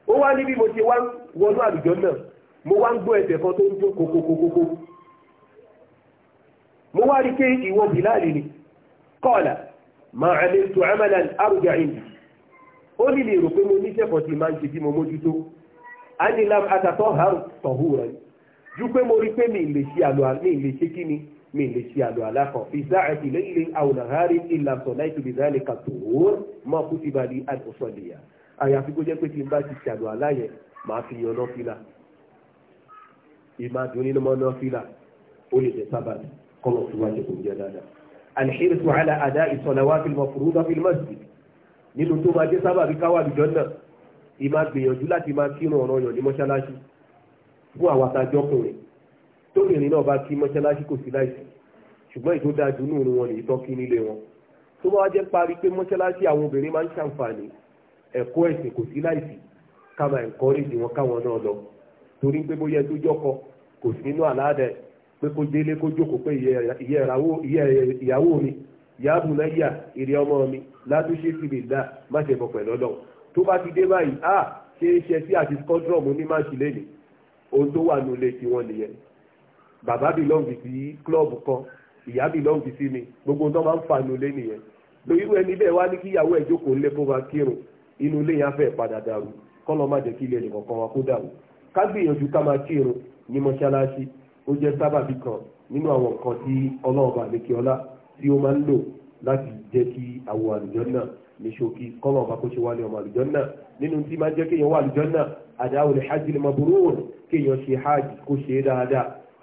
ó wá níbi mo ṣe wá wọnú àlùjọ náà mo wá ń gbọ́ ẹsẹ̀ kan tó ń dún kókókókókó mo wá rí pé ìwọ bìláàlì ni kọ́ọ̀là máa ẹ̀mí tó ẹ̀mẹ́lẹ̀ àrùjá ìlú ó ní lè rò pé mo níṣẹ́ kan ti máa ń ṣe bí mo mójútó a ní lam àtàtọ̀ hàn tọ̀húrọ̀ ju pé mo rí pé mi lè ṣe àlọ́ àmì lè ṣe kí ni mi lè ṣe àlọ́ àlákọ̀ ìzá àti lẹ́yìn àwòránhárí ìlà sọ̀lá ìtòbí ìdáàlì kàtó mọ́ kú ti bá di àdùsọ̀lẹ̀yà àyàfi kó jẹ́ pé tí n bá ti ṣàlọ́ àláyẹ màá fi yan náà fìlà ìmọ̀ àdúrí ni mọ́ náà fìlà ó lè jẹ sábàbí kọ́mọ̀ tí wọ́n ti kò jẹ dáadáa. alḥirisu ala ada ìsọ̀làwá fi mọ̀ fúrúdà fi mọ̀ sí nínú tó máa jẹ́ sábàbí káwá àbíjọ náà ìmọ̀ gbìyànjú láti máa kírun ọ̀rọ̀ yàn ní mọ́ṣáláṣí fún àwọn àtàjọkùnrin tóbìnrin náà bá kí mọ́ṣáláṣí kò sí láìsí ṣùgbọ́n ètò dáa jù nínú wọn lèyí tọ́kí nílé wọn tó bá wá jẹ́ parí pé mọ́ṣáláṣí àwọn obìnrin máa ń ṣàǹfààní ẹ̀kọ́ ẹ̀sìn kò sí láìsí ká máa encourage wọn káwọn náà lọ torí pé bóyá tó jọkọ kò sí nínú àláàdẹ pé kó délé kó jókòó pé ìyàwó mi ìyáàbù náà èrè ọmọ mi ládùúṣe sí lè dá má bọ̀ pẹ̀lú ọlọ́run tó bá ti dé báyìí a ṣe é ṣe sí àti scotrum ní máṣí lẹ́yìn ohun tó wà nílé tiwọn ìyá mi lọ́ọ̀gì sí mi gbogbo tó máa ń fa inú ilé nìyẹn lórí irú ẹni bẹ́ẹ̀ wá ní kíyàwó ẹ̀ jókòó ńlẹ́ kó máa kírun inú ilé yẹn á fẹ́ padà dàrú kọ́lọ́ má jẹ́ kí ilé ẹnìkọ̀ọ̀kan wa kó dàrú ká gbìyànjú ká máa kírun ní mọ́ṣáláṣí ó jẹ́ sábàbí kan nínú àwọn nǹkan tí ọlọ́ọ̀bà tí ó máa ń lò láti jẹ́ kí àwọn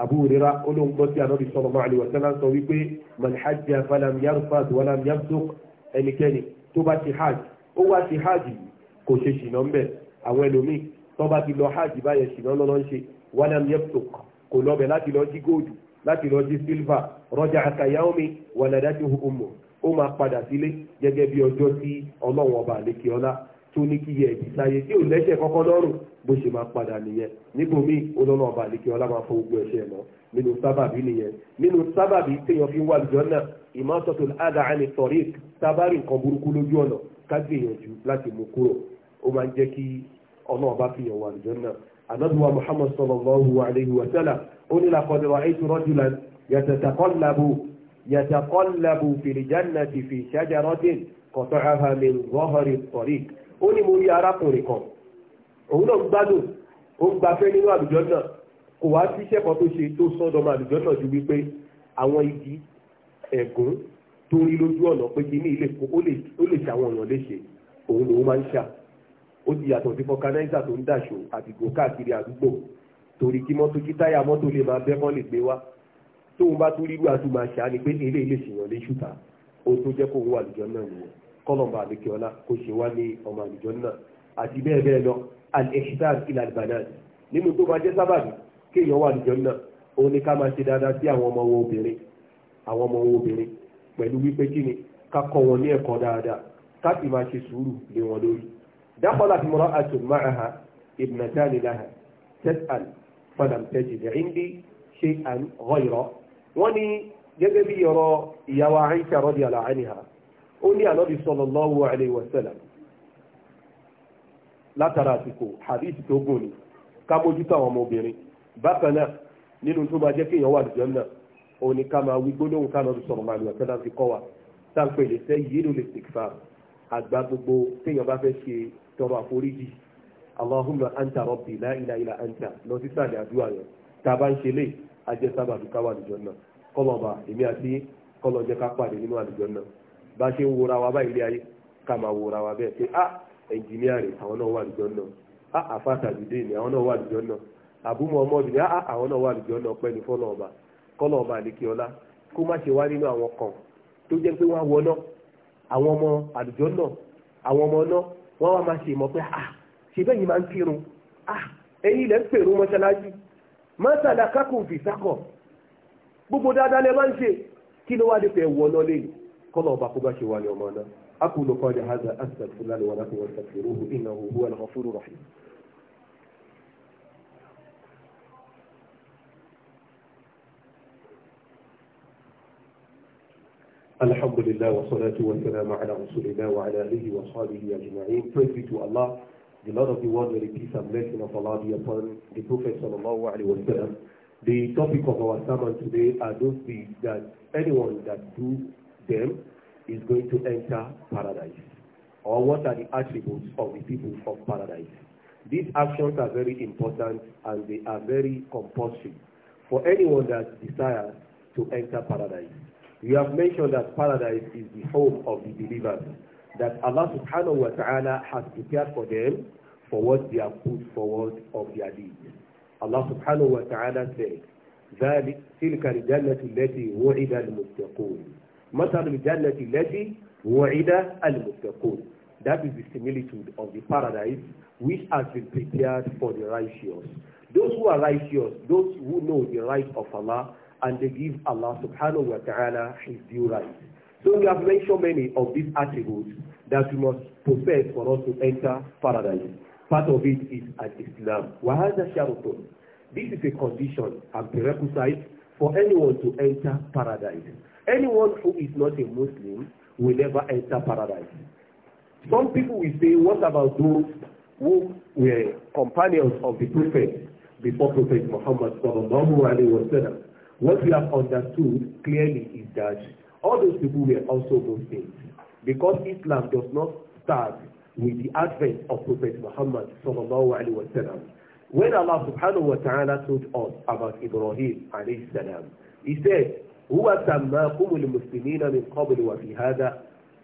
Abu Hurairah olóhùn gbọ́ sí anábì sallallahu alaihi wasallam sọ wípé man hajja falam yarfat walam yabsuq ẹnikẹ́ni tó bá ti hajj ó wá sí hajj kò ṣe ṣìnà ńbẹ̀ àwọn ẹlòmíì tó bá ti lọ hajj báyẹn ṣìnà lọ́nà ń ṣe walam yabsuq kò lọ́bẹ̀ láti lọ jí góòdù láti lọ jí sílvà rọ́jà àkàyáwómi wàlàdá ti ọmọ ó máa padà sílé gẹ́gẹ́ bí ọjọ́ tí ọlọ́run ọba àlekè tó ní kí yẹ ìdísáyé tí ò lẹ́sẹ̀ kọ́kọ́ lọ́rùn bó ṣe máa padà nìyẹn nígbòmí olóńgbò ọba àlekè ọlá máa fọ ogun ẹ̀ṣẹ̀ lọ nínú sábàbí nìyẹn nínú sábàbí téèyàn fi ń wà lùjọ́ náà ìmọ̀tọ́tò àdá àni sọ̀rí sábàrì nǹkan burúkú lójú ọ̀nà ká gbìyànjú láti mú kúrò ó máa ń jẹ́ kí ọlọ́ọ̀bá fi yàn wà lùjọ́ náà anabiwa muhammad sallallahu alayhi ó ní mo rí arákùnrin kan òun náà gbádùn ó ń gbafẹ́ nínú àlùjọ náà kò wá sí iṣẹ́ kan tó ṣe tó sọ́dọ̀ ọmọ àlùjọ náà ju wípé àwọn igi ẹ̀gún tó rí lójú ọ̀nà pé kí ní ilé ó lè ṣàwọn èèyàn léṣe òun lòun máa ń ṣà ó ti yàtọ̀ sí fọkanáísà tó ń dàṣọ àdìgbò káàkiri àdúgbò torí kí mọ́tò kí táyà mọ́tò lè máa bẹ́ kán gbé wá tóun bá tún rírú àtúmọ̀ àṣà ni pé eléyìí lè ṣèyàn léṣùtà ó tó jẹ́ kóun wà lùjọ náà nìyẹn kọ́lọ̀mbà àdékẹ́ọ́lá kò ṣe wá ní ọmọ àlùjọ náà àti bẹ́ẹ̀ bẹ́ẹ̀ lọ al-ihsan ila al-banat nínú tó máa jẹ́ sábàbí kéèyàn wà àlùjọ náà òun ni ká máa ṣe dáadáa sí àwọn ọmọ wọn obìnrin àwọn ọmọ wọn obìnrin pẹ̀lú wípé kí ni ká kọ́ wọn ní ẹ̀kọ́ dáadáa ká sì máa ṣe sùúrù lé wọn lórí. dakhalat imra'atun ma'aha ibnatani laha tas'al falam tajid 'indi shay'an ghayra wọ́n ní gẹ́gẹ́ bí ọ̀rọ̀ ìyàwó Aisha radiyallahu anha ó ní ànábì sallallahu alaihi wasallam látara àsìkò hadith tó gùn ni ká mójútó àwọn ọmọbìnrin bákan náà nínú tó máa jẹ́ kí èèyàn wà lùjọ́ náà òun ni ká máa wí gbólóhùn ká lọ́dún sọ̀rọ̀ màlúù ọ̀tẹ́lá fi kọ́ wa táǹpẹ̀ lè fẹ́ yìí ló lè sèkfà àgbà gbogbo téèyàn bá fẹ́ ṣe tọrọ àforíjì Allahumma tá a bá èmi àti kọ́lọ̀ jẹ́ ká pàdé nínú àlùjọ́ náà bá ṣe ń wora wa bá ilé ayé ká máa wora wa bẹ́ẹ̀ pé ah ẹnjìníà rẹ̀ àwọn náà wà lùjọ́ náà ah àfàtàdìdé ni àwọn náà wà lùjọ́ náà àbúmọ̀ ọmọdé ni ah, ah àwọn náà wà lùjọ́ náà pẹ́ni fọ́nà ọba kọ́nà ọba àdékè ọlá kó má ṣe wá nínú àwọn kan tó jẹ́ pé wọ́n á wọná àwọn ọmọ àlùjọ́ náà àwọn ọmọ náà wọ́n wá máa ṣe mọ̀ pé ah, ṣe bẹ́ẹ̀ yìí máa ń kírun ah, kọ́lọ̀ ọba kó bá ṣe wà ní ọmọ náà akulu qawli hadha astaghfirullahi wa lakum wastaghfiruhu الحمد لله والصلاة والسلام على رسول الله وعلى آله وصحبه أجمعين. Praise be to Allah, the Lord of the world, may the peace and blessing of Allah be upon the Prophet sallallahu alaihi wasallam. The topic of our sermon today are those things that anyone that do them is going to enter paradise? Or what are the attributes of the people of paradise? These actions are very important and they are very compulsory for anyone that desires to enter paradise. We have mentioned that paradise is the home of the believers, that Allah subhanahu wa ta'ala has prepared for them for what they have put forward of their deeds. Allah subhanahu wa ta'ala said, ذلك تلك الجنة التي وعد المتقون masalu jannati lati wa'ida al-muttaqun that is the similitude of the paradise which has been prepared for the righteous those who are righteous those who know the right of Allah and they give Allah subhanahu wa ta'ala his due right so we have mentioned many of these attributes that we must possess for us to enter paradise part of it is al-Islam wahada sharutun this is a condition and prerequisite for anyone to enter paradise Anyone who is not a Muslim will never enter paradise. Some people will say, what about those who were companions of the Prophet before Prophet Muhammad sallallahu alayhi wa sallam? What we have understood clearly is that all those people were also Muslims because Islam does not start with the advent of Prophet Muhammad sallallahu alayhi wa sallam. When Allah subhanahu wa ta'ala told us about Ibrahim alayhi salam, he said, هو sàmákùmù lè mùsùlùmí náà ní kọ́bùlù wà fi hádà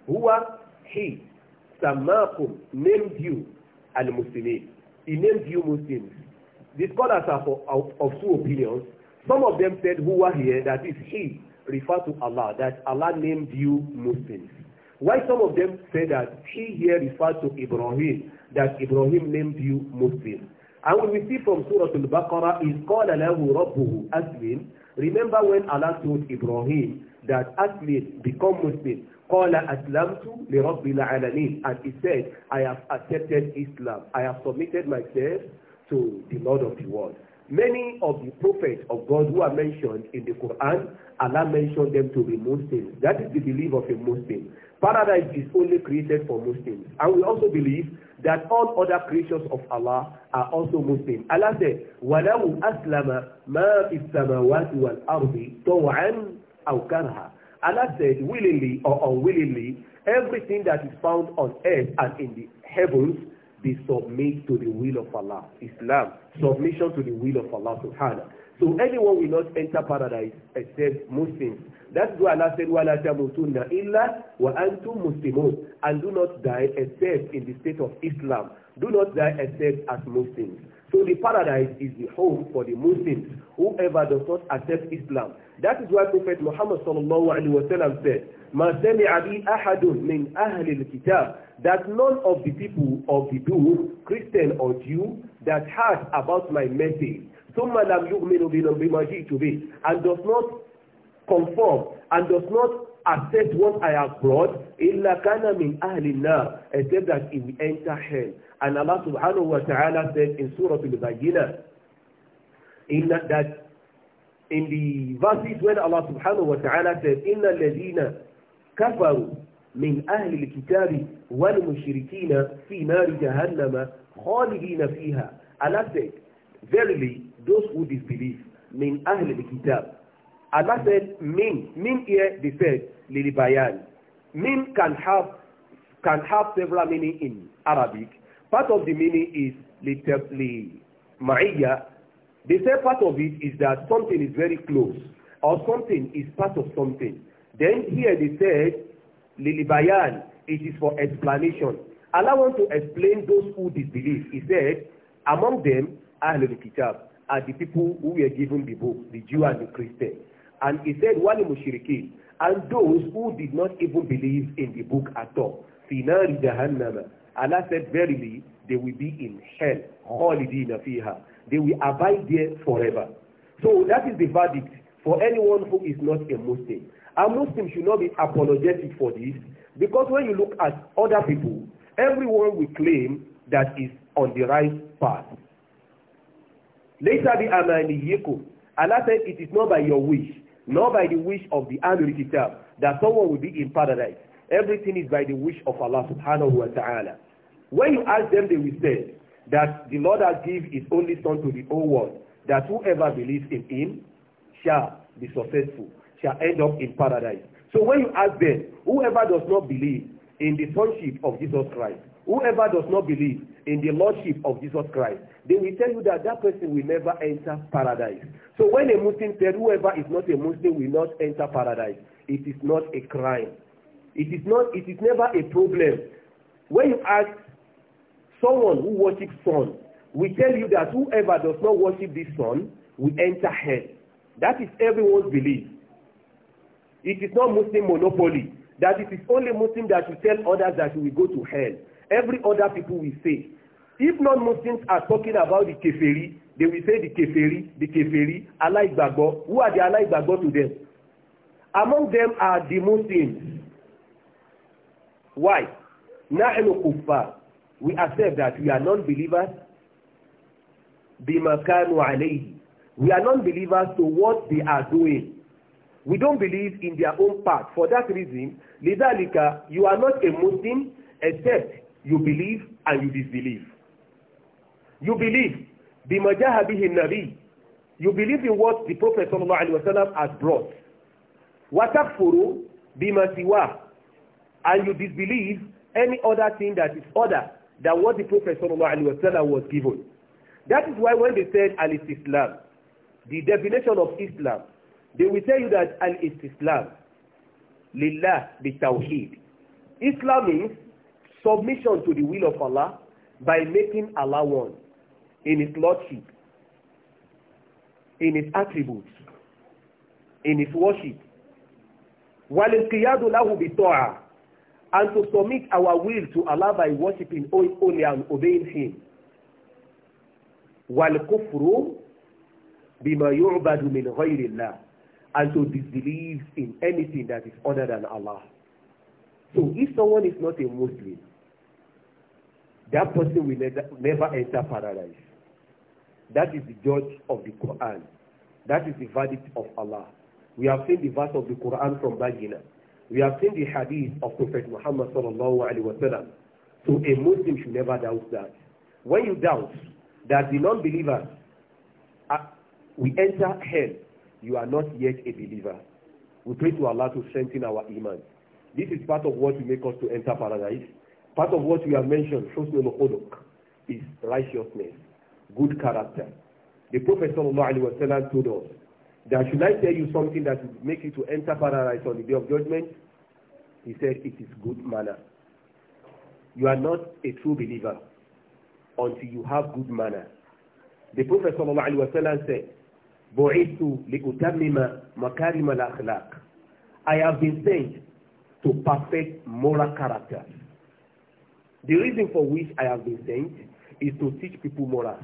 huwa he sàmákùm named you al-muslimin he named you muslims the scholars are for, of, of two opinions some of them said who huwa here that is he refer to Allah that Allah named you muslims why some of them say that he here refers to Ibrahim that Ibrahim named you muslim and we see from Surah Al-Baqarah is qala lahu rabbuhu aslim Remember when Allah told Ibrahim that athlete become Muslim. Qala aslamtu li rabbil alamin. And he said, I have accepted Islam. I have submitted myself to the Lord of the world. Many of the prophets of God who are mentioned in the Quran, Allah mentioned them to be Muslims. That is the belief of a Muslim. Paradise is only created for Muslims. And we also believe that all other creatures of Allah are also Muslim. Allah said, وَلَوْ أَسْلَمَ مَا فِي السَّمَاوَاتِ وَالْأَرْضِ طَوْعًا أَوْ كَرْهًا Allah said, willingly or unwillingly, everything that is found on earth and in the heavens they submit to the will of Allah. Islam, submission to the will of Allah subhanahu. So anyone will not enter paradise except Muslims. That's why Allah said, وَلَا تَمُوتُنَّ إِلَّا وَأَنْتُمْ مُسْلِمُونَ And do not die except in the state of Islam. Do not die except as Muslims. So the paradise is the home for the Muslims, whoever does not accept Islam. That is why Prophet Muhammad sallallahu alaihi wasallam said, ما سمع به أحد من أهل الكتاب that none of the people of the book, Christian or Jew, that heard about my message ثم لم يؤمن بما جئت به and does not conform and does not accept what I have brought إلا كان من أهل النار except that he will enter hell and Allah subhanahu wa ta'ala said in Surah Al-Bayyinah in that in the verses when Allah subhanahu wa ta'ala said إن الذين kafaru من أهل الكتاب wal في fi جهنم خالدين فيها. fiha Allah said verily those who disbelieve min ahli alkitab Allah said min min here they said lil bayan min can have can have several meaning in Arabic part of the meaning is literally ma'iyya the third part of it is that something is very close or something is part of something Then here they said, Lilibayan, it is for explanation. Allah want to explain those who disbelieve. He said, among them, Ahlul Kitab, are the people who were given the book, the Jew and the Christian. And he said, Wali Mushrikin, and those who did not even believe in the book at all. Finari Jahannama. Allah said, verily, they will be in hell, khalidina fiha. They will abide there forever. So that is the verdict for anyone who is not a Muslim and Muslims should not be apologetic for this because when you look at other people, everyone will claim that is on the right path. Later the Amaniyikum, Allah said it is not by your wish, nor by the wish of the Ahlul Kitab that someone will be in paradise. Everything is by the wish of Allah subhanahu wa ta'ala. When you ask them, they will say that the Lord has given his only son to the whole world, that whoever believes in him shall be successful shall end up in paradise. So when you ask them, whoever does not believe in the sonship of Jesus Christ, whoever does not believe in the lordship of Jesus Christ, they will tell you that that person will never enter paradise. So when a Muslim said, whoever is not a Muslim will not enter paradise, it is not a crime. It is not, it is never a problem. When you ask someone who worships sun, we tell you that whoever does not worship this sun will enter hell. That is everyone's belief. It is not Muslim monopoly that it is only Muslim that will tell others that we go to hell. Every other people will say. If non-Muslims are talking about the keferi, they will say the keferi, the keferi, alaigbagbo. Who are the alaigbagbo to them? Among them are the Muslims. Why? Nahnu kufa. We accept that we are non-believers. Bima kanu alayhi. We are non-believers to what they are doing. We don't believe in their own path. For that reason, Lidalika, you are not a Muslim except you believe and you disbelieve. You believe bimajahabihi nabi. You believe in what the Prophet sallallahu alaihi wasallam has brought. Watakfuru bimasiwa. And you disbelieve any other thing that is other than what the Prophet sallallahu alaihi wasallam was given. That is why when they said al-Islam, the definition of Islam They will tell you that al Islam, lillah bi tawheed. Islam means submission to the will of Allah by making Allah one in his lordship, in his attributes, in his worship. Walinqiyadu lahu bi ta'ah. And to submit our will to Allah by worshiping only and obeying him. Wal kufru bima yu'badu min ghayri Allah. and to disbelieve in anything that is other than Allah. So if someone is not a Muslim, that person will never, enter paradise. That is the judge of the Quran. That is the verdict of Allah. We have seen the verse of the Quran from Bagina. We have seen the hadith of Prophet Muhammad sallallahu alaihi wasallam. So a Muslim should never doubt that. When you doubt that the non-believers, we enter hell you are not yet a believer. We pray to Allah to strengthen our iman. This is part of what will make us to enter paradise. Part of what we have mentioned, is righteousness, good character. The Prophet ﷺ told us that should I tell you something that will make you to enter paradise on the day of judgment? He said it is good manner. You are not a true believer until you have good manner. The Prophet ﷺ said, Bo'itu li'utamima makarim al-akhlaq. I have been sent to perfect moral character. The reason for which I have been sent is to teach people morals.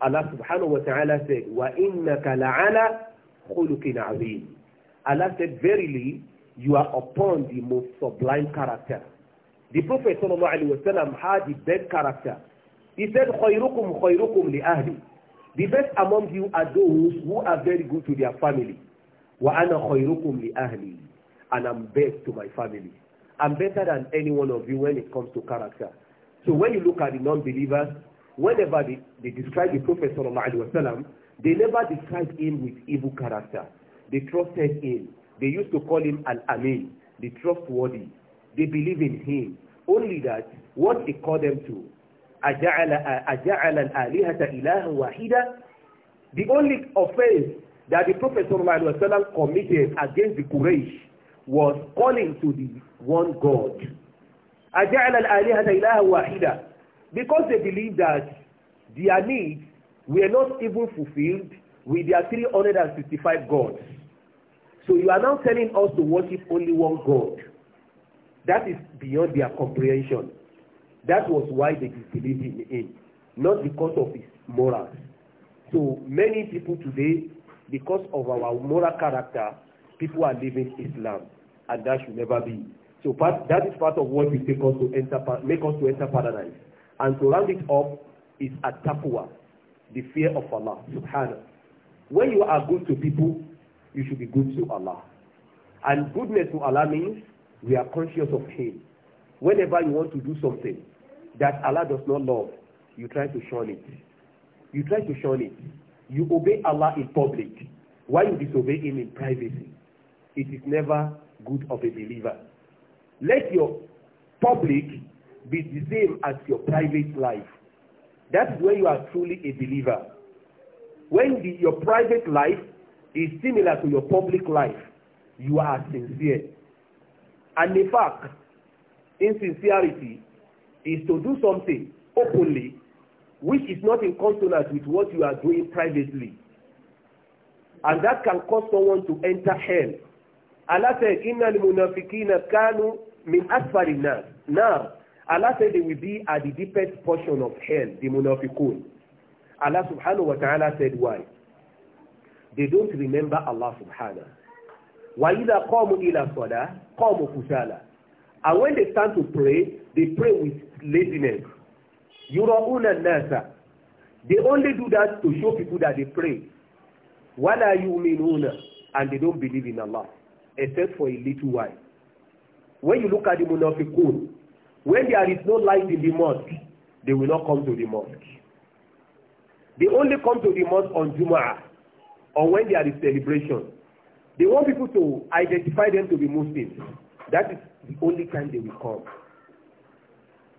Allah subhanahu wa ta'ala said, وَإِنَّكَ لَعَلَى خُلُقٍ عَظِيمٍ Allah said, Verily, you are upon the most sublime character. The Prophet sallallahu alayhi wa sallam had the best character. He said, خَيْرُكُمْ خَيْرُكُمْ لِأَهْلِ The best among you are those who are very good to their family. وَأَنَا خَيْرُكُمْ لِأَهْلِي And I'm best to my family. I'm better than any one of you when it comes to character. So when you look at the non-believers, whenever they, they describe the Prophet sallallahu alaihi wasallam, they never described him with evil character. They trusted him. They used to call him Al-Amin, the trustworthy. They believe in him. Only that what he called them to, أجعل al-alihata ilahan wahida. The only offense that the Prophet صلى الله عليه وسلم committed against the Quraysh was calling to the one God. أجعل al-alihata ilahan Because they believed that their needs were not even fulfilled with their 365 gods. So you are now telling us to worship only one God. That is beyond their comprehension. That was why they disbelieved in him, not because of his morals. So many people today, because of our moral character, people are leaving Islam, and that should never be. So part, that is part of what will take us to enter, make us to enter paradise. And to round it up is at-taqwa, the fear of Allah, subhanahu. When you are good to people, you should be good to Allah. And goodness to Allah means we are conscious of Him. Whenever you want to do something, that Allah does not love, you try to shun it. You try to shun it. You obey Allah in public Why you disobey Him in privacy. It is never good of a believer. Let your public be the same as your private life. That is when you are truly a believer. When the, your private life is similar to your public life, you are sincere. And in fact, insincerity is to do something openly which is not in consonance with what you are doing privately and that can cause someone to enter hell Allah said inna al-munafiqina kanu min asfali nas now Allah said they will be at the deepest portion of hell the munafiqun Allah subhanahu wa ta'ala said why they don't remember Allah subhanahu wa idha qamu ila salah qamu kusala And when they stand to pray, they pray with laziness. Yura'una nasa. They only do that to show people that they pray. Wala yu'minuna. And they don't believe in Allah. Except for a little while. When you look at the munafiqun, when there is no light in the mosque, they will not come to the mosque. They only come to the mosque on Jumu'ah or when there is celebration. They want people to identify them to be Muslims. That is the only time they will come.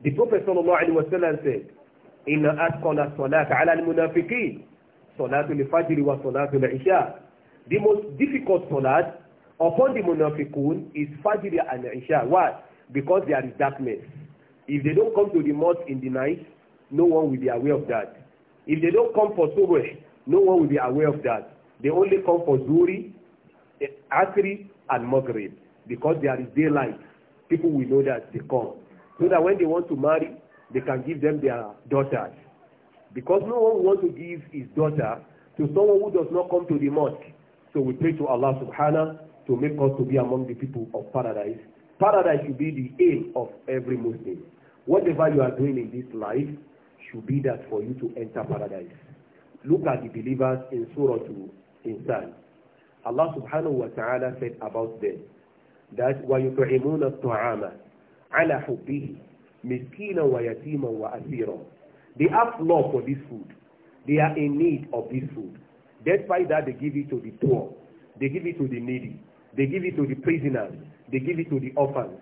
The Prophet sallallahu alaihi wasallam said, "Inna atqala salata ala al-munafiqin, salatu al-fajr The most difficult salat upon the munafiqun is fajr and isha. Why? Because there is darkness. If they don't come to the mosque in the night, no one will be aware of that. If they don't come for Subh, no one will be aware of that. They only come for Zuri, Asri, and Maghrib. Because there is daylight, people will know that they come. So that when they want to marry, they can give them their daughters. Because no one wants to give his daughter to someone who does not come to the mosque. So we pray to Allah subhanahu to make us to be among the people of paradise. Paradise should be the aim of every Muslim. Whatever you are doing in this life should be that for you to enter paradise. Look at the believers in Surah 2, in Insan. Allah subhanahu wa ta'ala said about them that وَيُطْعِمُونَ الطَّعَامَ عَلَى حُبِّهِ مِسْكِينًا وَيَتِيمًا وَأَسِيرًا They ask love for this food. They are in need of this food. Despite that, they give it to the poor. They give it to the needy. They give it to the prisoners. They give it to the orphans.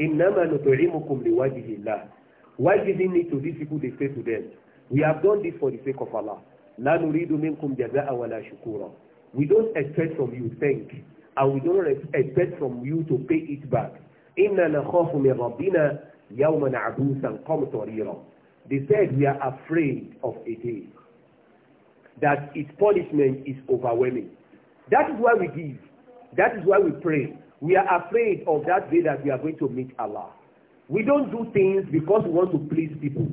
إنما نُطْعِمُكُمْ لِوَجْهِ اللَّهِ Why giving it to these people they say to them? We have done this for the sake of Allah. لا نريد منكم جَزَاءً ولا شُكُورًا We don't expect from you thank I will not expect from you to pay it back. Inna nakhafu min rabbina yawman abusan qamtarira. They said we are afraid of a day that its punishment is overwhelming. That is why we give. That is why we pray. We are afraid of that day that we are going to meet Allah. We don't do things because we want to please people.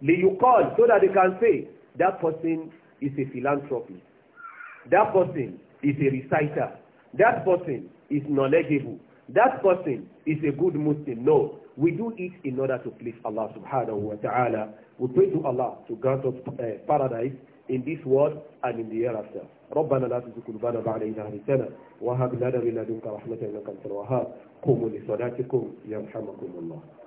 May you call so that they can say, that person is a philanthropist. That person is a reciter. that person is knowledgeable, that person is a good Muslim. No, we do it in order to please Allah subhanahu wa ta'ala. We pray to Allah to grant us uh, paradise in this world and in the hereafter. ربنا لا تزغ قلوبنا بعد إذ هديتنا وهب لنا من لدنك رحمة إنك أنت الوهاب قوموا لصلاتكم يرحمكم الله